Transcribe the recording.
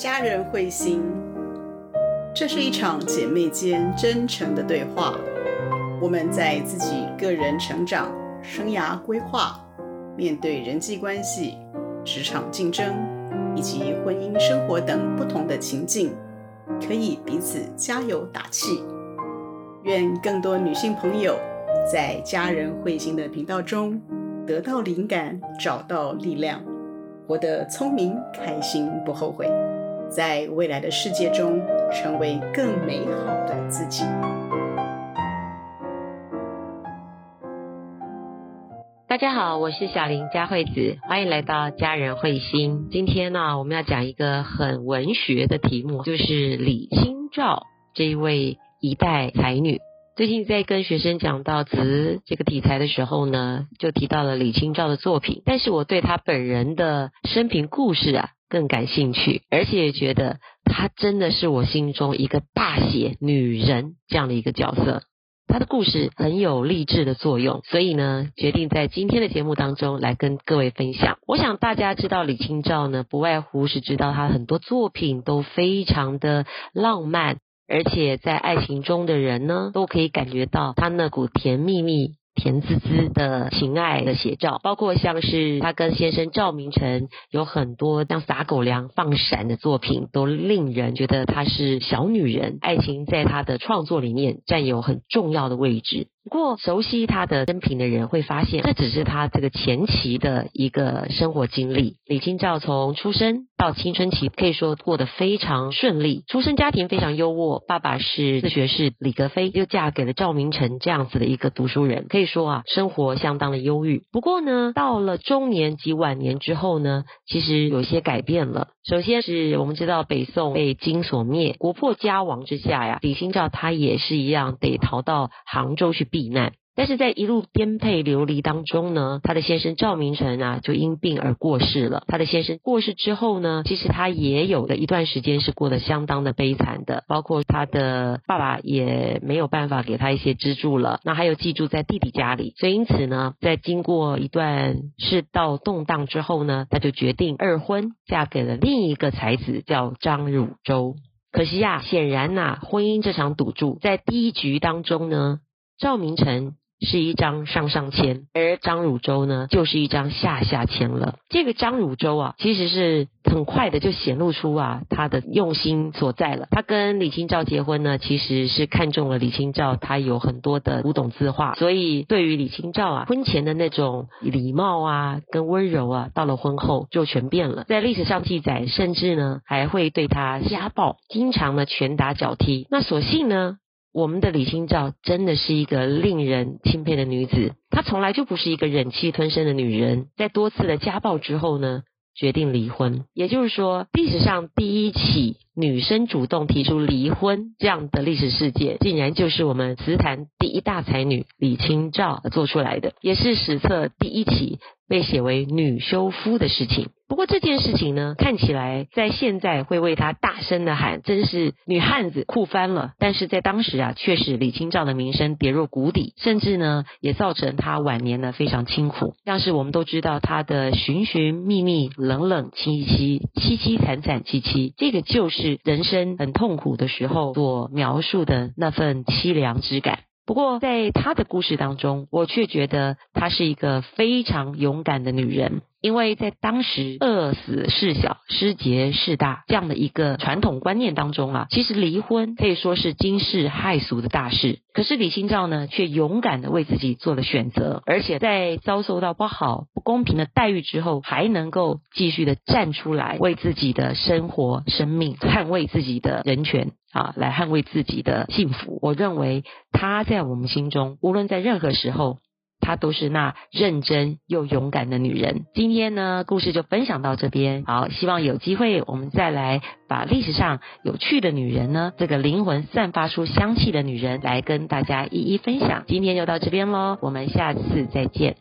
家人慧心，這是一場姐妹間真誠的對話。我們在自己個人成長、生涯規劃、面對人際關係、職場競爭以及婚姻生活等不同的情境，可以彼此加油打氣。願更多女性朋友在家人慧心的頻道中得到靈感，找到力量，活得聰明、開心，不後悔。在未來的世界中，成為更美好的自己。大家好，我是小林佳慧子，歡迎來到家人慧心。今天呢，啊，我們要講一個很文學的題目，就是李清照這一位一代才女。最近在跟學生講到詞這個題材的時候呢，就提到了李清照的作品，但是我對她本人的生平故事啊，更感興趣，而且也覺得她真的是我心中一個大寫女人這樣的一個角色，她的故事很有勵志的作用，所以呢，決定在今天的節目當中來跟各位分享。我想大家知道李清照呢，不外乎是知道她很多作品都非常的浪漫，而且在愛情中的人呢，都可以感覺到她那股甜蜜蜜。甜滋滋的情愛的寫照，包括像是她跟先生趙明誠有很多像撒狗糧、放閃的作品，都令人覺得她是小女人。愛情在她的創作裡面占有很重要的位置。不過熟悉他的生平的人會發現，這只是他這個前期的一個生活經歷。李清照從出生到青春期，可以說過得非常順利，出生家庭非常優渥，爸爸是進士李格非，又嫁給了趙明誠這樣子的一個讀書人，可以說啊，生活相當的優裕。不過呢，到了中年及晚年之後呢，其實有些改變了。首先是我們知道北宋被金所滅，國破家亡之下呀、啊，李清照他也是一樣得逃到杭州去。避難，但是在一路顛沛流離當中呢，她的先生趙明誠啊，就因病而過世了。她的先生過世之後呢，其實他也有的一段時間是過得相當的悲慘的，包括他的爸爸也沒有辦法給他一些資助了。那還有寄住在弟弟家裡，所以因此呢，在經過一段世道動盪之後呢，她就決定二婚，嫁給了另一個才子叫張汝舟。可惜呀，顯然吶、啊，婚姻這場賭注在第一局當中呢。趙明誠是一張上上籤，而張汝舟呢，就是一張下下籤了。這個張汝舟啊，其實是很快的就顯露出啊他的用心所在了。他跟李清照結婚呢，其實是看中了李清照他有很多的古董字畫，所以對於李清照啊，婚前的那種禮貌啊跟溫柔啊，到了婚後就全變了。在歷史上記載，甚至呢還會對他家暴，經常呢拳打腳踢。那所幸呢。我們的李清照真的是一個令人欽佩的女子，她從來就不是一個忍氣吞聲的女人，在多次的家暴之後呢，決定離婚，也就是說，歷史上第一起。女生主動提出離婚這樣的歷史事件，竟然就是我們詞壇第一大才女李清照做出來的，也是史冊第一起被寫為女休夫的事情。不過這件事情呢，看起來在現在會為她大聲的喊，真是女漢子酷翻了。但是在當時啊，卻使李清照的名聲跌入谷底，甚至呢也造成她晚年呢非常清苦。像是我們都知道她的尋尋覓覓，覓冷冷清清淒淒慘慘戚戚，這個就是。人生很痛苦的時候所描述的那份淒涼之感。不過，在她的故事當中，我卻覺得她是一個非常勇敢的女人。因為在當時餓死事小，失節事大這樣的一個傳統觀念當中啊，其實離婚可以說是驚世駭俗的大事。可是李清照呢，卻勇敢地為自己做了選擇，而且在遭受到不好、不公平的待遇之後，還能夠繼續的站出來，為自己的生活、生命捍衛自己的人權啊，來捍衛自己的幸福。我認為她在我們心中，無論在任何時候。她都是那認真又勇敢的女人。今天呢，故事就分享到這邊。好，希望有機會我們再來把歷史上有趣的女人呢，這個靈魂散發出香氣的女人，來跟大家一一分享。今天就到這邊嘍，我們下次再見。